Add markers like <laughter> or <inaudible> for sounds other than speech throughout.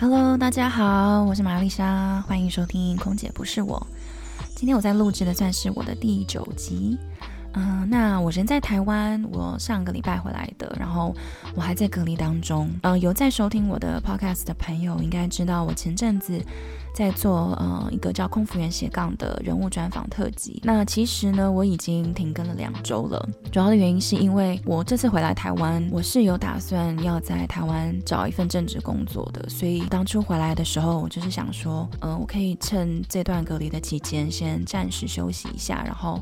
Hello，大家好，我是瑪麗莎，歡迎收聽《空姐不是我》。今天我在錄製的算是我的第九集。嗯、呃，那我人在台灣，我上個禮拜回來的，然後我還在隔離當中。嗯、呃，有在收聽我的 podcast 的朋友應該知道，我前陣子在做呃一個叫《空服員斜槓》的人物專訪特輯。那其實呢，我已經停更了兩周了。主要的原因是因為我這次回來台灣，我是有打算要在台灣找一份正職工作的，所以當初回來的時候，我就是想說，嗯、呃，我可以趁這段隔離的期間先暫時休息一下，然後。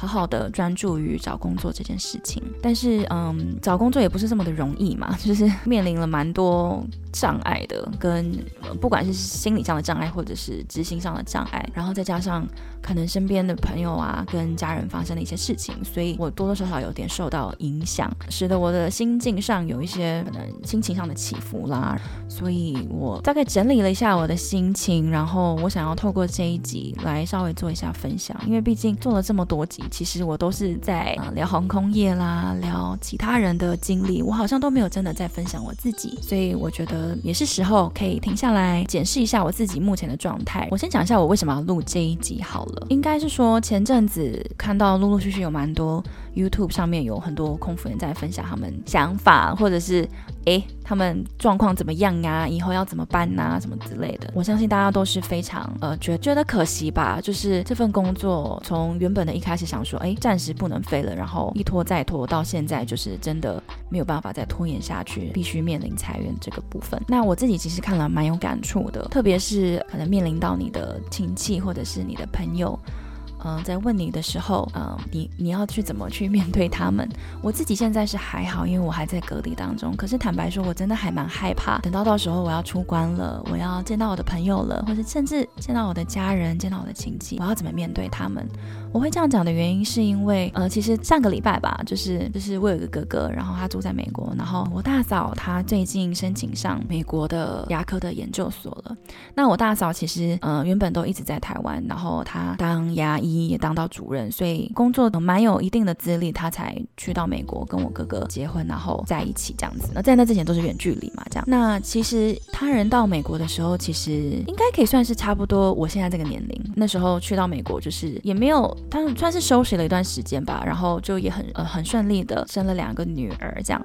好好的專注於找工作這件事情，但是嗯，找工作也不是這麼的容易嘛，就是面臨了蠻多障礙的，跟不管是心理上的障礙或者是執行上的障礙，然後再加上可能身邊的朋友啊跟家人發生的一些事情，所以我多多少少有點受到影響，使得我的心境上有一些可能心情上的起伏啦，所以我大概整理了一下我的心情，然後我想要透過這一集來稍微做一下分享，因為畢竟做了這麼多集。其實我都是在，呃，聊航空業啦，聊其他人的經歷，我好像都沒有真的在分享我自己，所以我覺得也是時候可以停下來檢視一下我自己目前的狀態。我先講一下我為什麼要錄這一集好了，應該是說前陣子看到陸陸續續有蠻多。YouTube 上面有很多空服人在分享他們想法，或者是誒，他們狀況怎麼樣啊，以後要怎麼辦吶、啊，什麼之類的。我相信大家都是非常呃覺覺得可惜吧，就是這份工作從原本的一開始想說誒，暫時不能飛了，然後一拖再拖到現在，就是真的沒有辦法再拖延下去，必須面臨裁員這個部分。那我自己其實看了蠻有感觸的，特別是可能面臨到你的親戚或者是你的朋友。嗯、呃，在問你的時候，嗯、呃，你你要去怎麼去面對他們？我自己現在是還好，因為我還在隔離當中。可是坦白說，我真的還蠻害怕。等到到時候我要出關了，我要見到我的朋友了，或者甚至見到我的家人、見到我的親戚，我要怎麼面對他們？我會這樣講的原因是因為，呃，其實上個禮拜吧，就是就是我有個哥哥，然後他住在美國，然後我大嫂她最近申請上美國的牙科的研究所了。那我大嫂其實呃原本都一直在台灣，然後她當牙醫。也當到主任，所以工作的蠻有一定的資歷，他才去到美國跟我哥哥結婚，然後在一起這樣子。那在那之前都是遠距離嘛，這樣。那其實他人到美國的時候，其實應該可以算是差不多我現在這個年齡。那時候去到美國就是也沒有，他算是休息了一段時間吧，然後就也很呃很順利的生了兩個女兒這樣。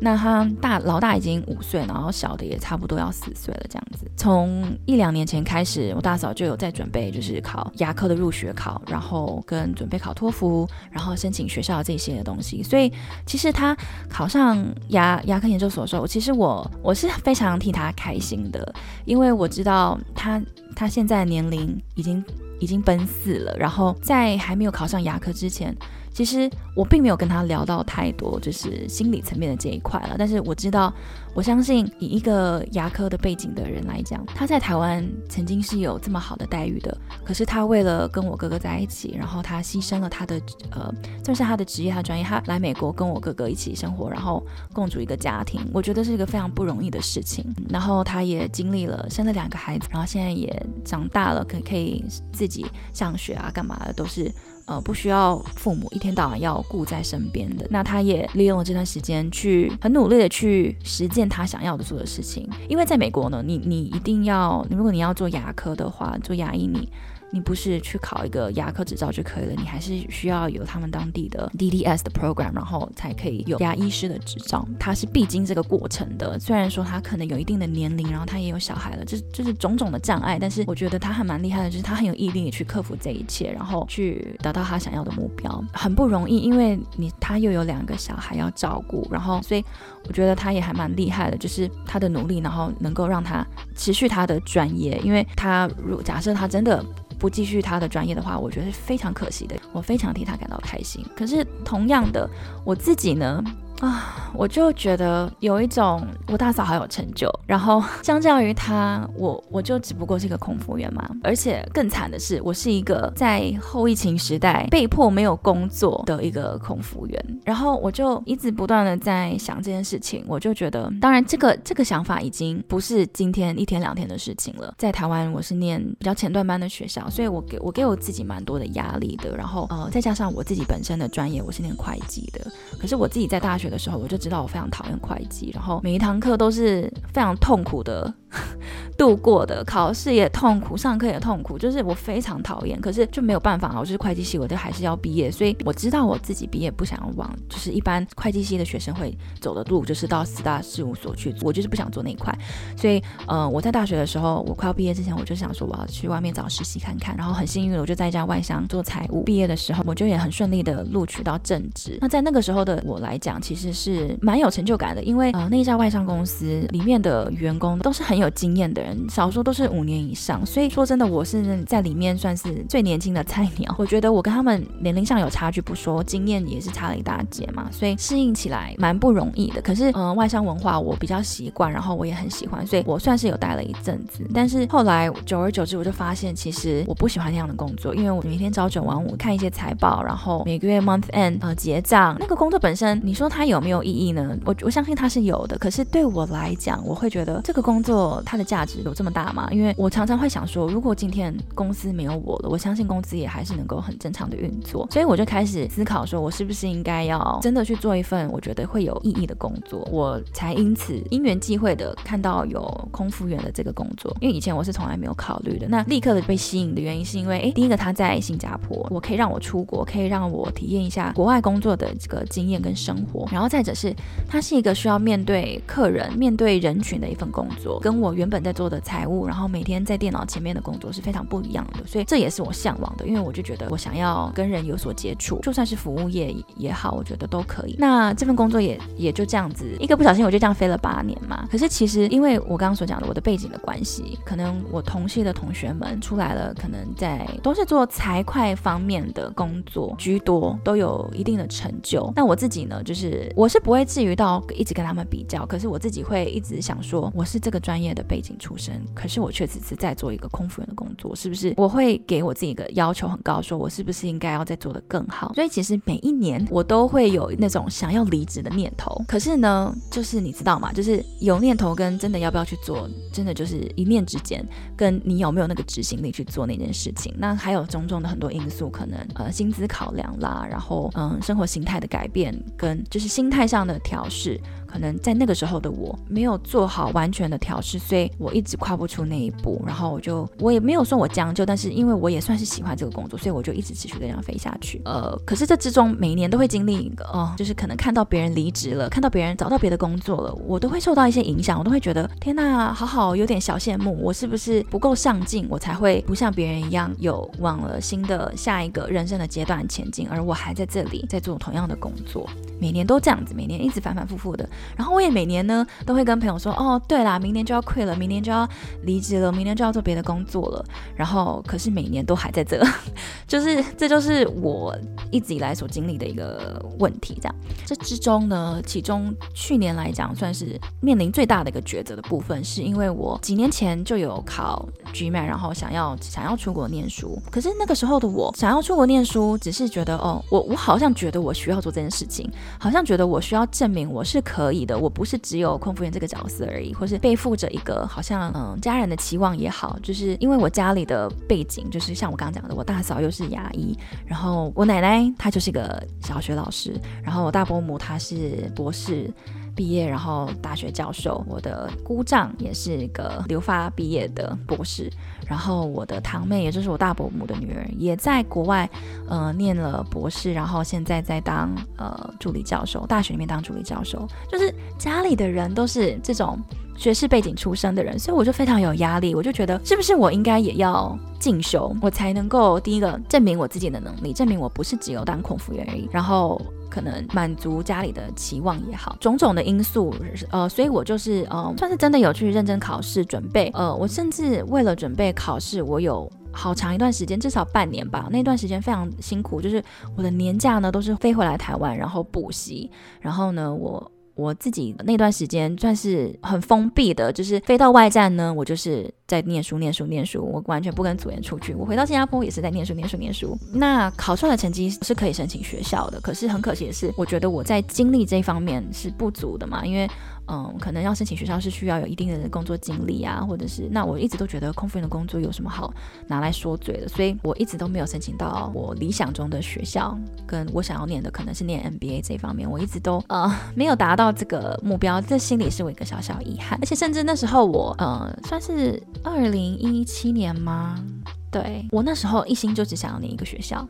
那他大老大已經五歲，然後小的也差不多要四歲了這樣子。從一兩年前開始，我大嫂就有在準備就是考牙科的入學考。然後跟準備考托福，然後申請學校這些的東西，所以其實他考上牙牙科研究所的時候，其實我我是非常替他開心的，因為我知道他他現在的年齡已經已經奔四了，然後在還沒有考上牙科之前，其實我並沒有跟他聊到太多，就是心理層面的這一塊了。但是我知道，我相信以一個牙科的背景的人來講，他在台灣曾經是有這麼好的待遇的。可是他為了跟我哥哥在一起，然後他犧牲了他的呃，算是他的職業、他專業，他來美國跟我哥哥一起生活，然後共組一個家庭。我覺得是一個非常不容易的事情。嗯，然後他也經歷了生了兩個孩子，然後現在也長大了，可可以自己上學啊，幹嘛的都是。呃，不需要父母一天到晚要顧在身邊的，那他也利用了這段時間去很努力的去實踐他想要的做的事情。因為在美國呢，你你一定要，如果你要做牙科的話，做牙醫你。你不是去考一個牙科執照就可以了，你還是需要有他們當地的 DDS 的 program，然後才可以有牙醫師的執照，他是必經這個過程的。雖然說他可能有一定的年齡，然後他也有小孩了，就是就是種種的障礙，但是我覺得他還蠻厲害的，就是他很有毅力去克服這一切，然後去達到他想要的目標，很不容易，因為你他又有兩個小孩要照顧，然後所以我覺得他也還蠻厲害的，就是他的努力，然後能夠讓他持續他的專業，因為他如假設他真的。不繼續他的專業的話，我覺得是非常可惜的。我非常替他感到開心。可是同樣的，我自己呢？啊，我就覺得有一種，我大嫂好有成就，然後相較於她，我我就只不過是一個空服員嘛，而且更慘的是，我是一個在後疫情時代被迫沒有工作的一個空服員。然後我就一直不斷的在想這件事情，我就覺得，當然這個這個想法已經不是今天一天兩天的事情了。在台灣，我是念比較前段班的學校，所以我給我給我自己蠻多的壓力的。然後呃，再加上我自己本身的專業，我是念會計的，可是我自己在大學的時候，我就知道我非常討厭會計，然後每一堂課都是非常痛苦的。 <laughs> 度過的考試也痛苦，上課也痛苦，就是我非常討厭，可是就沒有辦法啊。我就是會計系，我就還是要畢業，所以我知道我自己畢業不想要往就是一般會計系的學生會走的路，就是到四大事務所去。我就是不想做那一塊，所以呃，我在大學的時候，我快要畢業之前，我就想說我要去外面找實習看看。然後很幸運的，我就在一家外商做財務。畢業的時候，我就也很順利的錄取到正職。那在那個時候的我來講，其實是蠻有成就感的，因為啊、呃，那一家外商公司裡面的員工都是很。有經驗的人，少說都是五年以上，所以說真的，我是在裡面算是最年輕的菜鳥。我覺得我跟他們年齡上有差距不說，經驗也是差了一大截嘛，所以適應起來蠻不容易的。可是，嗯、呃，外商文化我比較習慣，然後我也很喜歡，所以我算是有待了一陣子。但是後來久而久之，我就發現其實我不喜歡那樣的工作，因為我每天朝九晚五看一些財報，然後每個月 month end 呃結賬，那個工作本身，你說它有沒有意義呢？我我相信它是有的，可是對我來講，我會覺得這個工作它的價值有這麼大嗎？因為我常常會想說，如果今天公司沒有我了，我相信公司也還是能夠很正常的運作。所以我就開始思考說，我是不是應該要真的去做一份我覺得會有意義的工作？我才因此因緣際會的看到有空服員的這個工作，因為以前我是從來沒有考慮的。那立刻的被吸引的原因是因為，欸，第一個他在新加坡，我可以讓我出國，可以讓我體驗一下國外工作的這個經驗跟生活。然後再者是，他是一個需要面對客人、面對人群的一份工作，跟我原本在做的財務，然後每天在電腦前面的工作是非常不一樣的，所以這也是我嚮往的，因為我就覺得我想要跟人有所接觸，就算是服務業也好，我覺得都可以。那這份工作也也就這樣子，一個不小心我就這樣飛了八年嘛。可是其實因為我剛剛所講的我的背景的關係，可能我同系的同學們出來了，可能在都是做財會方面的工作居多，都有一定的成就。那我自己呢，就是我是不會至於到一直跟他們比較，可是我自己會一直想說，我是這個專業。的背景出身，可是我卻只是在做一個空服員的工作，是不是？我會給我自己一個要求很高，說我是不是應該要再做得更好？所以其實每一年我都會有那種想要離職的念頭。可是呢，就是你知道嘛，就是有念頭跟真的要不要去做，真的就是一念之間跟你有沒有那個執行力去做那件事情。那還有種種的很多因素，可能呃薪資考量啦，然後嗯、呃、生活形態的改變跟就是心態上的調試。可能在那個時候的我沒有做好完全的調試，所以我一直跨不出那一步。然後我就我也沒有說我將就，但是因為我也算是喜歡這個工作，所以我就一直持續這樣飛下去。呃，可是這之中每一年都會經歷一個哦，呃，就是可能看到別人離職了，看到別人找到別的工作了，我都會受到一些影響，我都會覺得天哪，好好有點小羨慕，我是不是不夠上進？我才會不像別人一樣有往了新的下一個人生的階段前進，而我還在這裡在做同樣的工作，每年都這樣子，每年一直反反复复的。然後我也每年呢都會跟朋友說，哦，對啦，明年就要虧了，明年就要離職了，明年就要做別的工作了。然後可是每年都還在這， <laughs> 就是這就是我一直以來所經歷的一個問題。這樣這之中呢，其中去年來講算是面臨最大的一個抉擇的部分，是因為我幾年前就有考 GMAT，然後想要想要出國念書。可是那個時候的我想要出國念書，只是覺得哦，我我好像覺得我需要做這件事情，好像覺得我需要證明我是可。可以的，我不是只有空服員這個角色而已，或是背負着一個好像嗯家人的期望也好，就是因為我家裡的背景，就是像我剛剛講的，我大嫂又是牙醫，然後我奶奶她就是個小學老師，然後我大伯母她是博士。畢業，然後大學教授。我的姑丈也是一個留法畢業的博士，然後我的堂妹，也就是我大伯母的女兒，也在國外呃念了博士，然後現在在當呃助理教授，大學裡面當助理教授，就是家裡的人都是這種。學士背景出身的人，所以我就非常有壓力，我就覺得是不是我應該也要進修，我才能夠第一個證明我自己的能力，證明我不是只有當空服員而已。然後可能滿足家裡的期望也好，種種的因素，呃，所以我就是呃算是真的有去認真考試準備。呃，我甚至為了準備考試，我有好長一段時間，至少半年吧，那段時間非常辛苦，就是我的年假呢都是飛回來台灣，然後補習，然後呢我。我自己那段時間算是很封閉的，就是飛到外站呢，我就是在念書、念書、念書，我完全不跟組員出去。我回到新加坡也是在念書、念書、念書。那考出來的成績是可以申請學校的，可是很可惜的是我覺得我在經歷這一方面是不足的嘛，因為。嗯，可能要申請學校是需要有一定的工作經歷啊，或者是，那我一直都覺得空服的工作有什麼好拿來說嘴的，所以我一直都沒有申請到我理想中的學校，跟我想要念的可能是念 MBA 這方面，我一直都呃、嗯、沒有達到這個目標，這心裡是我一個小小遺憾，而且甚至那時候我呃、嗯、算是二零一七年嗎？對，我那時候一心就只想要念一個學校。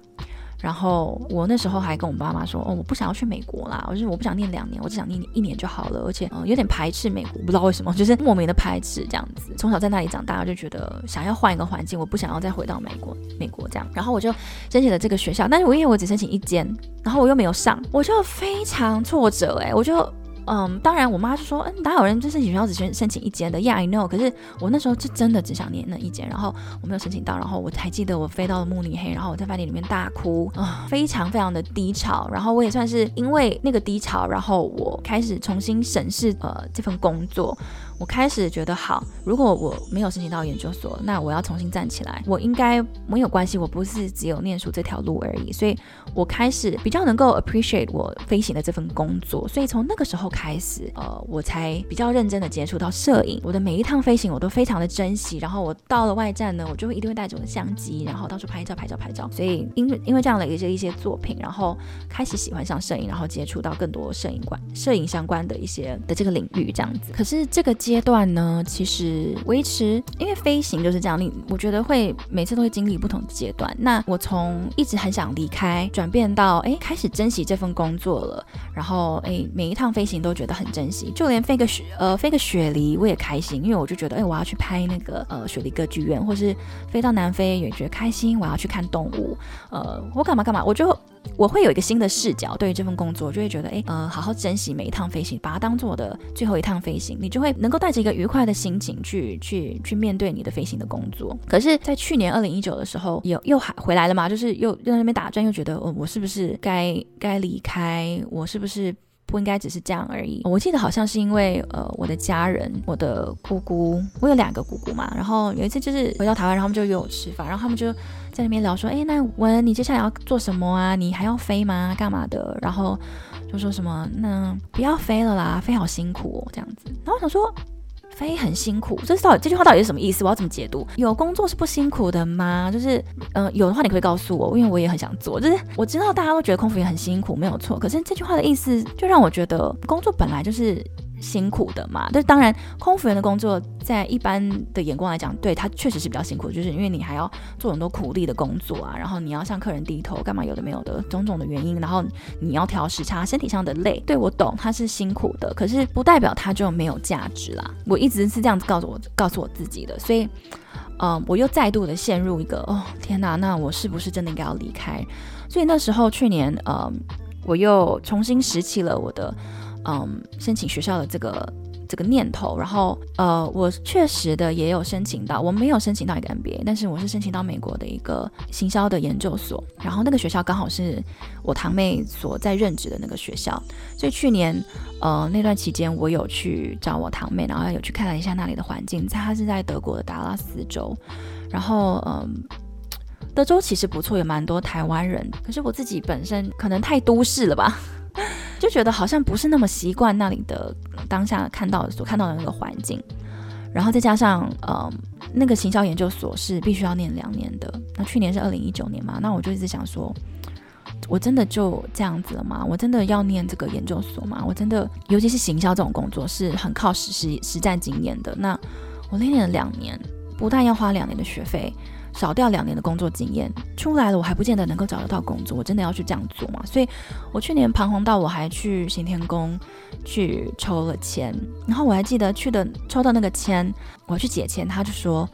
然後我那時候還跟我爸媽說，哦，我不想要去美國啦，我就是我不想念兩年，我只想念一年就好了，而且，呃，有點排斥美國，不知道為什麼，就是莫名的排斥這樣子。從小在那裡長大，我就覺得想要換一個環境，我不想要再回到美國，美國這樣。然後我就申請了這個學校，但是我因為我只申請一間，然後我又沒有上，我就非常挫折哎、欸，我就。嗯，當然，我媽就說，嗯，哪有人就是取要只選申請一間的？Yeah，I know。可是我那時候是真的只想念那一間，然後我沒有申請到，然後我還記得我飛到了慕尼黑，然後我在飯店裡面大哭，啊、呃，非常非常的低潮。然後我也算是因為那個低潮，然後我開始重新審視呃這份工作。我開始覺得好，如果我沒有申請到研究所，那我要重新站起來，我應該沒有關係，我不是只有念書這條路而已。所以，我開始比較能夠 appreciate 我飛行的這份工作。所以從那個時候開始，呃，我才比較認真的接觸到攝影。我的每一趟飛行我都非常的珍惜，然後我到了外站呢，我就會一定會帶着我的相機，然後到處拍照、拍照、拍照。所以因，因因為這樣的一些一些作品，然後開始喜歡上攝影，然後接觸到更多攝影館、攝影相關的一些的這個領域，這樣子。可是這個。階段呢，其實維持。因為飛行就是這樣，你我覺得會每次都會經歷不同的階段。那我從一直很想離開，轉變到哎開始珍惜這份工作了，然後哎每一趟飛行都覺得很珍惜，就連飛個雪呃飛個雪梨我也開心，因為我就覺得哎我要去拍那個呃雪梨歌劇院，或是飛到南非也覺得開心，我要去看動物，呃我幹嘛幹嘛，我就。我會有一個新的視角，對於這份工作，就會覺得，哎，呃，好好珍惜每一趟飛行，把它當做我的最後一趟飛行，你就會能夠帶着一個愉快的心情去去去面對你的飛行的工作。可是，在去年二零一九的時候，有又又還回來了嘛，就是又又在那邊打轉，又覺得，哦，我是不是該該離開？我是不是？不應該只是這樣而已。我記得好像是因為，呃，我的家人，我的姑姑，我有兩個姑姑嘛。然後有一次就是回到台灣，然後他們就約我吃飯，然後他們就在那邊聊說，誒，那文，你接下來要做什麼啊？你還要飛嗎？幹嘛的？然後就說什麼，那不要飛了啦，飛好辛苦哦，這樣子。然後我想說。飛很辛苦，這是到底這句話到底是什麼意思？我要怎麼解讀？有工作是不辛苦的嗎？就是，嗯、呃，有的話你可以告訴我，因為我也很想做。就是我知道大家都覺得空服也很辛苦，沒有錯。可是這句話的意思就讓我覺得工作本來就是。辛苦的嘛，但是當然，空服員的工作在一般的眼光來講，對他確實是比較辛苦，就是因為你還要做很多苦力的工作啊，然後你要向客人低頭，幹嘛有的沒有的種種的原因，然後你要調時差，身體上的累，對我懂，他是辛苦的，可是不代表他就沒有價值啦。我一直是這樣子告訴我，告訴我自己的，所以，嗯、呃，我又再度的陷入一個，哦天哪，那我是不是真的應該要離開？所以那時候去年，呃，我又重新拾起了我的。嗯，申請學校的這個這個念頭，然後呃，我確實的也有申請到，我沒有申請到一個 MBA，但是我是申請到美國的一個行銷的研究所，然後那個學校剛好是我堂妹所在任職的那個學校，所以去年，呃，那段期間我有去找我堂妹，然後有去看了一下那裡的環境，她是在德國的達拉斯州，然後嗯，德州其實不錯，有蠻多台灣人，可是我自己本身可能太都市了吧。 <laughs> 就覺得好像不是那麼習慣那裡的當下看到所看到的那個環境，然後再加上呃，那個行銷研究所是必須要念兩年的，那去年是二零一九年嘛，那我就一直想說，我真的就這樣子了嗎？我真的要念這個研究所嗎？我真的，尤其是行銷這種工作是很靠實實實戰經驗的，那我念了兩年，不但要花兩年的學費。少掉兩年的工作經驗出來了，我還不見得能夠找得到工作。我真的要去這樣做嘛？所以我去年彷徨到我還去行天宮去抽了籤，然後我還記得去的抽到那個籤，我要去解籤，他就說，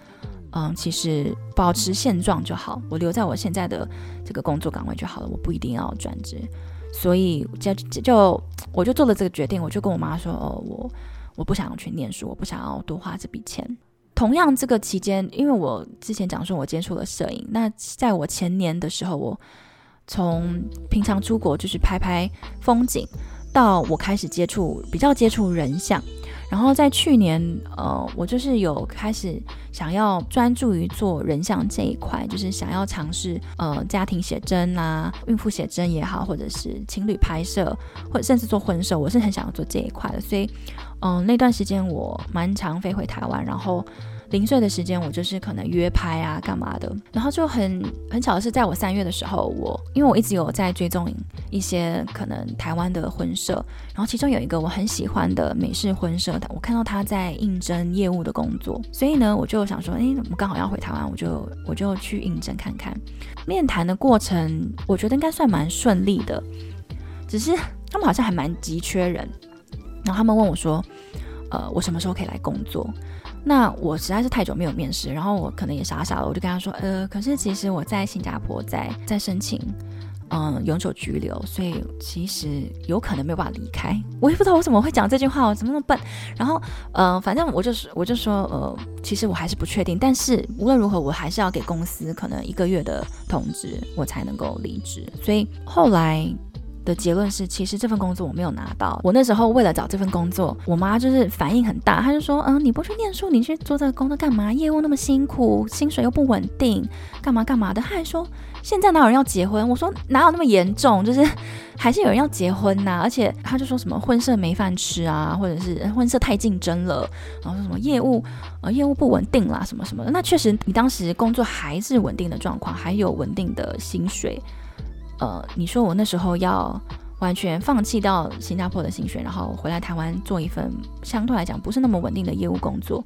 嗯，其實保持現狀就好，我留在我現在的這個工作崗位就好了，我不一定要轉職。所以就就我就做了這個決定，我就跟我媽說，哦，我我不想要去念書，我不想要多花這筆錢。同樣，這個期間，因為我之前講說我接觸了攝影，那在我前年的時候，我從平常出國就是拍拍風景，到我開始接觸比較接觸人像，然後在去年，呃，我就是有開始想要專注於做人像這一塊，就是想要嘗試呃家庭寫真啊、孕婦寫真也好，或者是情侶拍攝，或者甚至做婚攝，我是很想要做這一塊的，所以。嗯，那段時間我蠻常飛回台灣，然後零碎的時間我就是可能約拍啊，幹嘛的。然後就很很巧的是，在我三月的時候我，我因為我一直有在追蹤一些可能台灣的婚社，然後其中有一個我很喜歡的美式婚社，的。我看到他在應徵業務的工作，所以呢，我就想說，誒、哎，我們剛好要回台灣，我就我就去應徵看看。面談的過程，我覺得應該算蠻順利的，只是他們好像還蠻急缺人。然後他們問我說：“呃，我什麼時候可以來工作？”那我實在是太久沒有面試，然後我可能也傻傻了，我就跟他說：“呃，可是其實我在新加坡在在申請，嗯、呃，永久居留，所以其實有可能沒有辦法離開。我也不知道我怎麼會講這句話，我怎麼那麼笨？然後，嗯、呃，反正我就是我就說，呃，其實我還是不確定，但是無論如何，我還是要給公司可能一個月的通知，我才能夠離職。所以後來。”的結論是，其實這份工作我沒有拿到。我那時候為了找這份工作，我媽就是反應很大，她就說，嗯、呃，你不去念書，你去做這個工作幹嘛？業務那麼辛苦，薪水又不穩定，幹嘛幹嘛的？她還說，現在哪有人要結婚？我說哪有那麼嚴重，就是還是有人要結婚吶、啊。而且她就說什麼婚紗沒飯吃啊，或者是婚紗太競爭了，然後說什麼業務呃業務不穩定啦什麼什麼的。那確實，你當時工作還是穩定的狀況，還有穩定的薪水。呃，你說我那時候要完全放棄到新加坡的心血，然後回來台灣做一份相對來講不是那麼穩定的業務工作，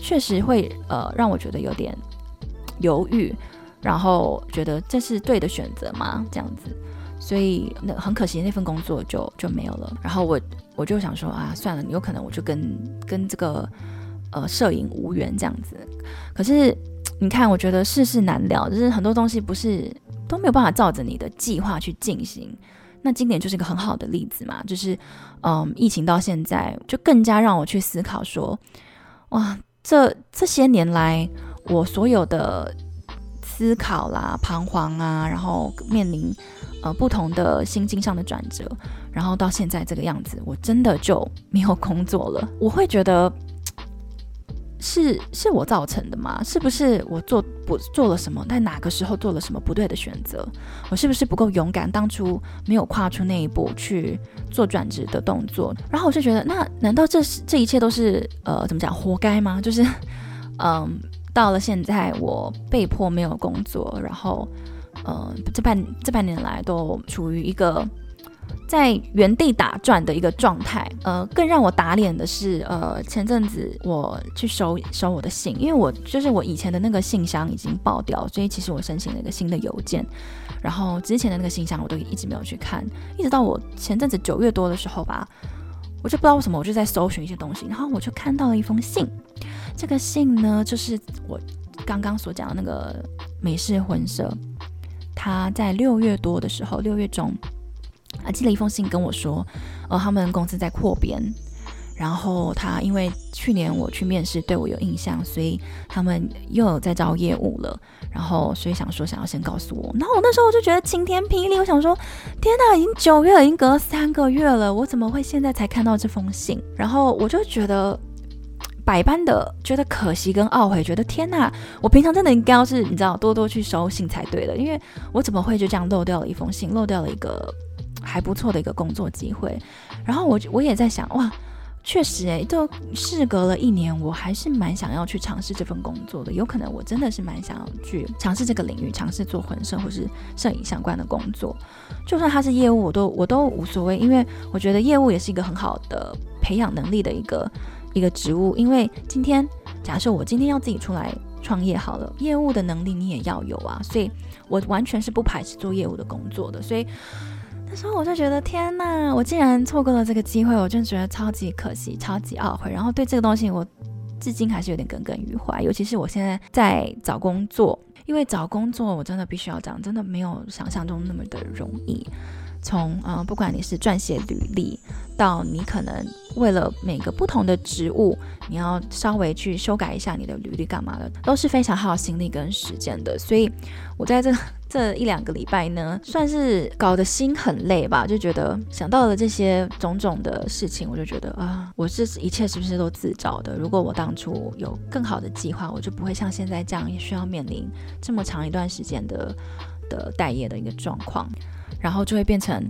確實會呃讓我覺得有點猶豫，然後覺得這是對的選擇嘛？這樣子，所以那很可惜，那份工作就就沒有了。然後我我就想說啊，算了，有可能我就跟跟這個呃攝影無緣這樣子。可是你看，我覺得世事難料，就是很多東西不是。都沒有辦法照着你的計劃去進行，那今年就是一個很好的例子嘛，就是，嗯，疫情到現在就更加讓我去思考說，哇，這這些年來我所有的思考啦、彷徨啊，然後面臨呃不同的心境上的轉折，然後到現在這個樣子，我真的就沒有工作了。我會覺得。是是我造成的嗎？是不是我做不做了什麼？在哪個時候做了什麼不對的選擇？我是不是不夠勇敢，當初沒有跨出那一步去做轉職的動作？然後我就覺得，那難道這是這一切都是呃，怎麼講，活該嗎？就是，嗯，到了現在，我被迫沒有工作，然後，嗯、呃，這半這半年來都處於一個。在原地打轉的一個狀態，呃，更讓我打臉的是，呃，前陣子我去收收我的信，因為我就是我以前的那個信箱已經爆掉，所以其實我申請了一個新的郵件，然後之前的那個信箱我都一直沒有去看，一直到我前陣子九月多的時候吧，我就不知道為什麼我就在搜尋一些東西，然後我就看到了一封信，這個信呢就是我剛剛所講的那個美式婚紗，他在六月多的時候，六月中。啊，寄了一封信跟我說，呃，他們公司在擴編，然後他因為去年我去面試，對我有印象，所以他們又有在招業務了，然後所以想說想要先告訴我，然後我那時候我就覺得晴天霹靂，我想說天哪，已經九月了，已經隔了三個月了，我怎麼會現在才看到這封信？然後我就覺得百般的覺得可惜跟懊悔，覺得天哪，我平常真的應該要是你知道多多去收信才對的，因為我怎麼會就這樣漏掉了一封信，漏掉了一個。還不錯的一個工作機會，然後我我也在想，哇，確實誒、欸，就事隔了一年，我還是蠻想要去嘗試這份工作的。有可能我真的是蠻想要去嘗試這個領域，嘗試做婚攝或是攝影相關的工作。就算他是業務，我都我都無所謂，因為我覺得業務也是一個很好的培養能力的一個一個職務。因為今天假設我今天要自己出來創業好了，業務的能力你也要有啊，所以我完全是不排斥做業務的工作的，所以。那時候我就覺得天哪，我竟然錯過了這個機會，我真的覺得超級可惜、超級懊悔。然後對這個東西，我至今還是有點耿耿於懷。尤其是我現在在找工作，因為找工作我真的必須要講，真的沒有想象中那麼的容易。從呃，不管你是撰寫履歷，到你可能為了每個不同的職務，你要稍微去修改一下你的履歷幹嘛的，都是非常耗心力跟時間的。所以，我在這。這一兩個禮拜呢，算是搞得心很累吧，就覺得想到了這些種種的事情，我就覺得啊、呃，我這一切是不是都自找的？如果我當初有更好的計劃，我就不會像現在這樣需要面臨這麼長一段時間的的待業的一個狀況，然後就會變成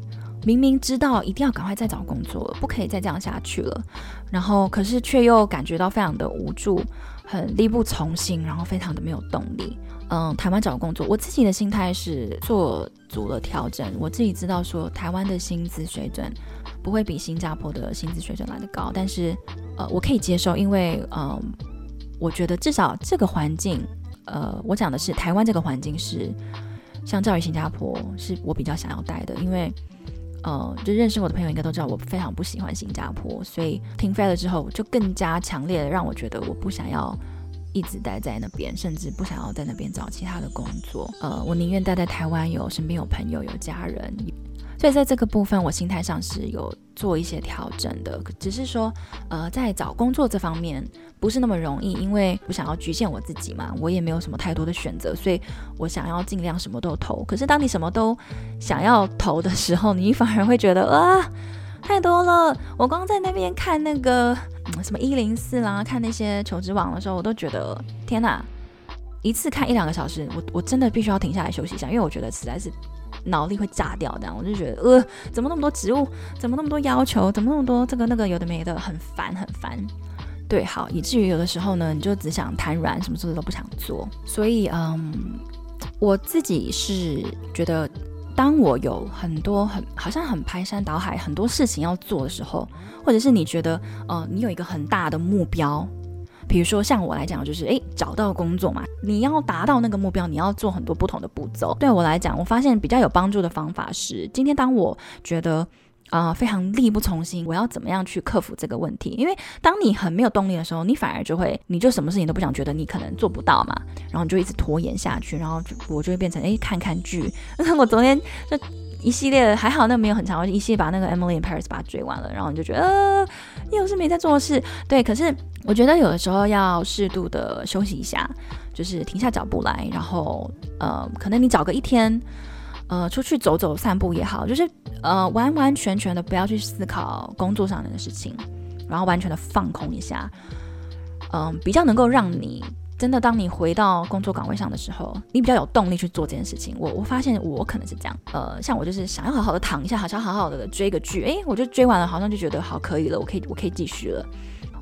明明知道一定要趕快再找工作了，不可以再這樣下去了，然後可是卻又感覺到非常的無助，很力不從心，然後非常的沒有動力。嗯，台灣找工作，我自己的心態是做足了調整。我自己知道說，台灣的薪資水準不會比新加坡的薪資水準來得高，但是呃，我可以接受，因為呃，我覺得至少這個環境，呃，我講的是台灣這個環境是相較於新加坡，是我比較想要待的。因為呃，就認識我的朋友應該都知道，我非常不喜歡新加坡，所以停飛了之後，就更加強烈的讓我覺得我不想要。一直待在那邊，甚至不想要在那邊找其他的工作。呃，我寧願待在台灣有，有身邊有朋友，有家人有。所以在這個部分，我心態上是有做一些調整的。只是說，呃，在找工作這方面不是那麼容易，因為我想要局限我自己嘛，我也沒有什麼太多的選擇，所以我想要盡量什麼都投。可是當你什麼都想要投的時候，你反而會覺得啊。太多了，我光在那邊看那個、嗯、什麼一零四啦，看那些求職網的時候，我都覺得天哪，一次看一兩個小時，我我真的必須要停下來休息一下，因為我覺得實在是腦力會炸掉這樣。我就覺得呃，怎麼那麼多職務，怎麼那麼多要求，怎麼那麼多這個那個有的沒的，很煩很煩。對，好，以至於有的時候呢，你就只想癱軟，什麼事都不想做。所以嗯，我自己是覺得。當我有很多很好像很排山倒海很多事情要做的時候，或者是你覺得呃，你有一個很大的目標，比如說像我來講就是誒，找到工作嘛。你要達到那個目標，你要做很多不同的步驟。對我來講，我發現比較有幫助的方法是，今天當我覺得。啊、呃，非常力不從心，我要怎麼樣去克服這個問題？因為當你很沒有動力的時候，你反而就會，你就什麼事情都不想，覺得你可能做不到嘛，然後你就一直拖延下去，然後就我就會變成，哎，看看劇。 <laughs> 我昨天這一系列，還好，那沒有很長，我一系列把那個 Emily in Paris 把它追完了，然後你就覺得，呃，又是沒在做事。對，可是我覺得有的時候要適度的休息一下，就是停下腳步來，然後呃，可能你找個一天。呃，出去走走、散步也好，就是呃，完完全全的不要去思考工作上的事情，然後完全的放空一下，嗯、呃，比較能夠讓你真的，當你回到工作崗位上的時候，你比較有動力去做這件事情。我我發現我可能是這樣，呃，像我就是想要好好的躺一下，好像好好的追個劇，哎，我就追完了，好像就覺得好可以了，我可以我可以繼續了。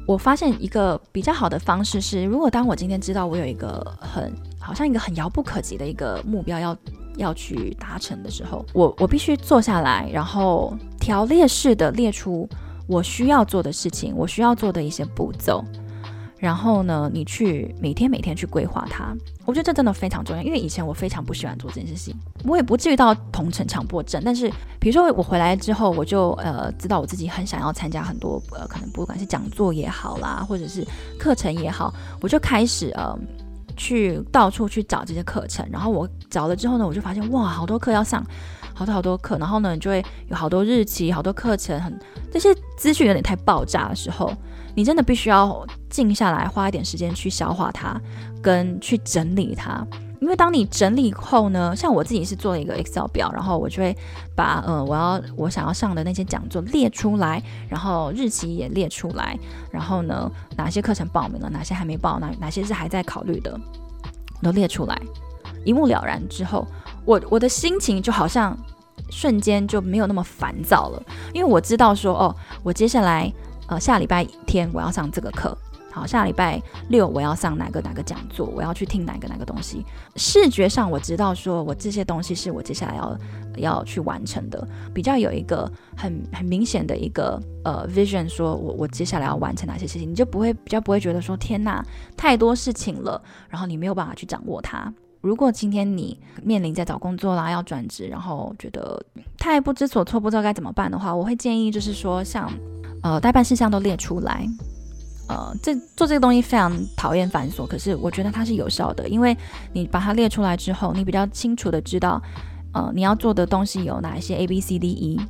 我發現一個比較好的方式是，如果當我今天知道我有一個很好像一個很遙不可及的一個目標要。要去達成的時候，我我必須坐下來，然後條列式的列出我需要做的事情，我需要做的一些步驟。然後呢，你去每天每天去規劃它。我覺得這真的非常重要，因為以前我非常不喜歡做這件事情，我也不至於到同城強迫症。但是，比如說我回來之後，我就呃知道我自己很想要參加很多呃，可能不管是講座也好啦，或者是課程也好，我就開始呃。去到處去找這些課程，然後我找了之後呢，我就發現哇，好多課要上，好多好多課，然後呢，你就會有好多日期、好多課程，很這些資訊有點太爆炸的時候，你真的必須要靜下來，花一點時間去消化它，跟去整理它。因為當你整理後呢，像我自己是做了一個 Excel 表，然後我就會把呃我要我想要上的那些講座列出來，然後日期也列出來，然後呢哪些課程報名了，哪些還沒報，哪哪些是還在考慮的，都列出來，一目了然之後，我我的心情就好像瞬間就沒有那麼煩躁了，因為我知道說哦，我接下來呃下禮拜天我要上這個課。好，下禮拜六我要上哪個哪個講座？我要去聽哪個哪個東西？視覺上我知道，說我這些東西是我接下來要要去完成的，比較有一個很很明顯的一個呃 vision，說我我接下來要完成哪些事情，你就不會比較不會覺得說天哪，太多事情了，然後你沒有辦法去掌握它。如果今天你面臨在找工作啦，要轉職，然後覺得太不知所措，不知道該怎麼辦的話，我會建議就是說像，像呃待辦事項都列出來。呃，這做這個東西非常討厭繁瑣，可是我覺得它是有效的，因為你把它列出來之後，你比較清楚的知道，呃，你要做的東西有哪一些 A B C D E，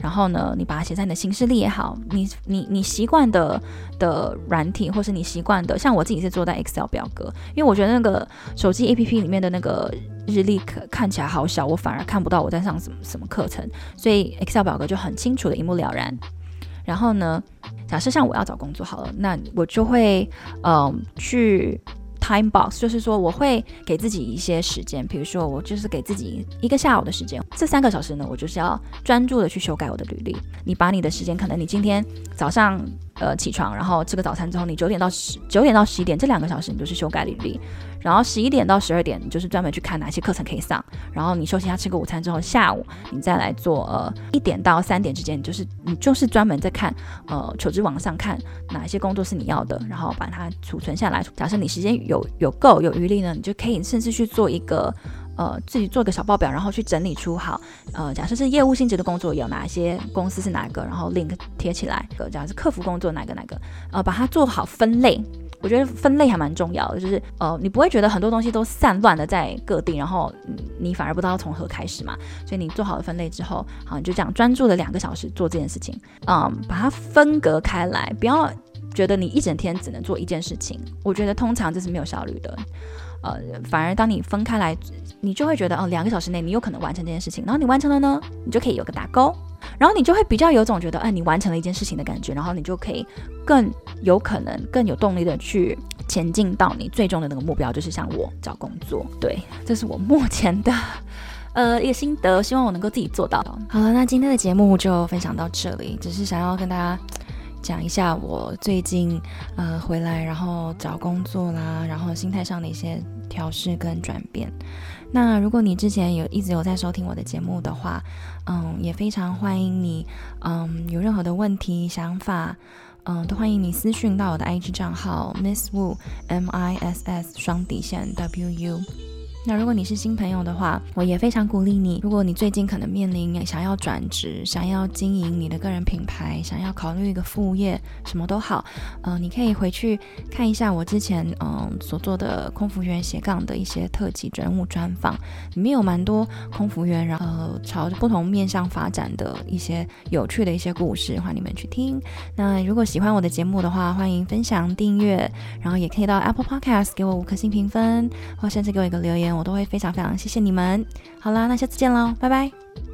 然後呢，你把它寫在你的行事曆也好，你你你習慣的的軟體，或是你習慣的，像我自己是做在 Excel 表格，因為我覺得那個手機 A P P 裡面的那個日曆可看起來好小，我反而看不到我在上什麼什麼課程，所以 Excel 表格就很清楚的一目了然。然後呢，假設像我要找工作好了，那我就會，嗯、呃，去 time box，就是說我會給自己一些時間，比如說我就是給自己一個下午的時間，這三個小時呢，我就是要專注的去修改我的履歷。你把你的時間，可能你今天早上。呃，起床，然後吃個早餐之後，你九點到十九點到十一點這兩個小時，你就是修改履歷，然後十一點到十二點你就是專門去看哪些課程可以上，然後你休息一下，吃個午餐之後，下午你再來做呃一點到三點之間，你就是你就是專門在看呃求職網上看哪一些工作是你要的，然後把它儲存下來。假設你時間有有夠有餘力呢，你就可以甚至去做一個。呃，自己做個小報表，然後去整理出好。呃，假設是業務性質的工作，有哪些公司是哪個，然後 link 貼起來。呃，假設是客服工作哪個哪個，呃，把它做好分類。我覺得分類還蠻重要的，就是呃，你不會覺得很多東西都散亂的在各地，然後你反而不知道從何開始嘛。所以你做好了分類之後，好，你就這樣專注了兩個小時做這件事情。嗯、呃，把它分隔開來，不要覺得你一整天只能做一件事情。我覺得通常這是沒有效率的。呃，反而當你分開來，你就會覺得哦、呃，兩個小時內你有可能完成這件事情。然後你完成了呢，你就可以有個打勾，然後你就會比較有種覺得，哎、呃，你完成了一件事情的感覺，然後你就可以更有可能、更有動力的去前進到你最終的那個目標，就是像我找工作，對，這是我目前的呃一個心得，希望我能夠自己做到。好了，那今天的節目就分享到這裡，只是想要跟大家。講一下我最近呃回來，然後找工作啦，然後心態上的一些調適跟轉變。那如果你之前有一直有在收聽我的節目的話，嗯，也非常歡迎你，嗯，有任何的問題、想法，嗯，都歡迎你私訊到我的 IG 賬號 Miss Wu M I S S 雙底線 W U。那如果你是新朋友的話，我也非常鼓勵你。如果你最近可能面臨想要轉職、想要經營你的個人品牌、想要考慮一個副業，什麼都好，嗯、呃，你可以回去看一下我之前嗯、呃、所做的空服員斜槓的一些特輯人物專訪，裡面有蠻多空服員然後、呃、朝着不同面向發展的一些有趣的一些故事，歡迎你們去聽。那如果喜歡我的節目的話，歡迎分享、訂閱，然後也可以到 Apple Podcast 給我五顆星評分，或甚至給我一個留言。我都會非常非常謝謝你們。好啦，那下次見嘍，拜拜。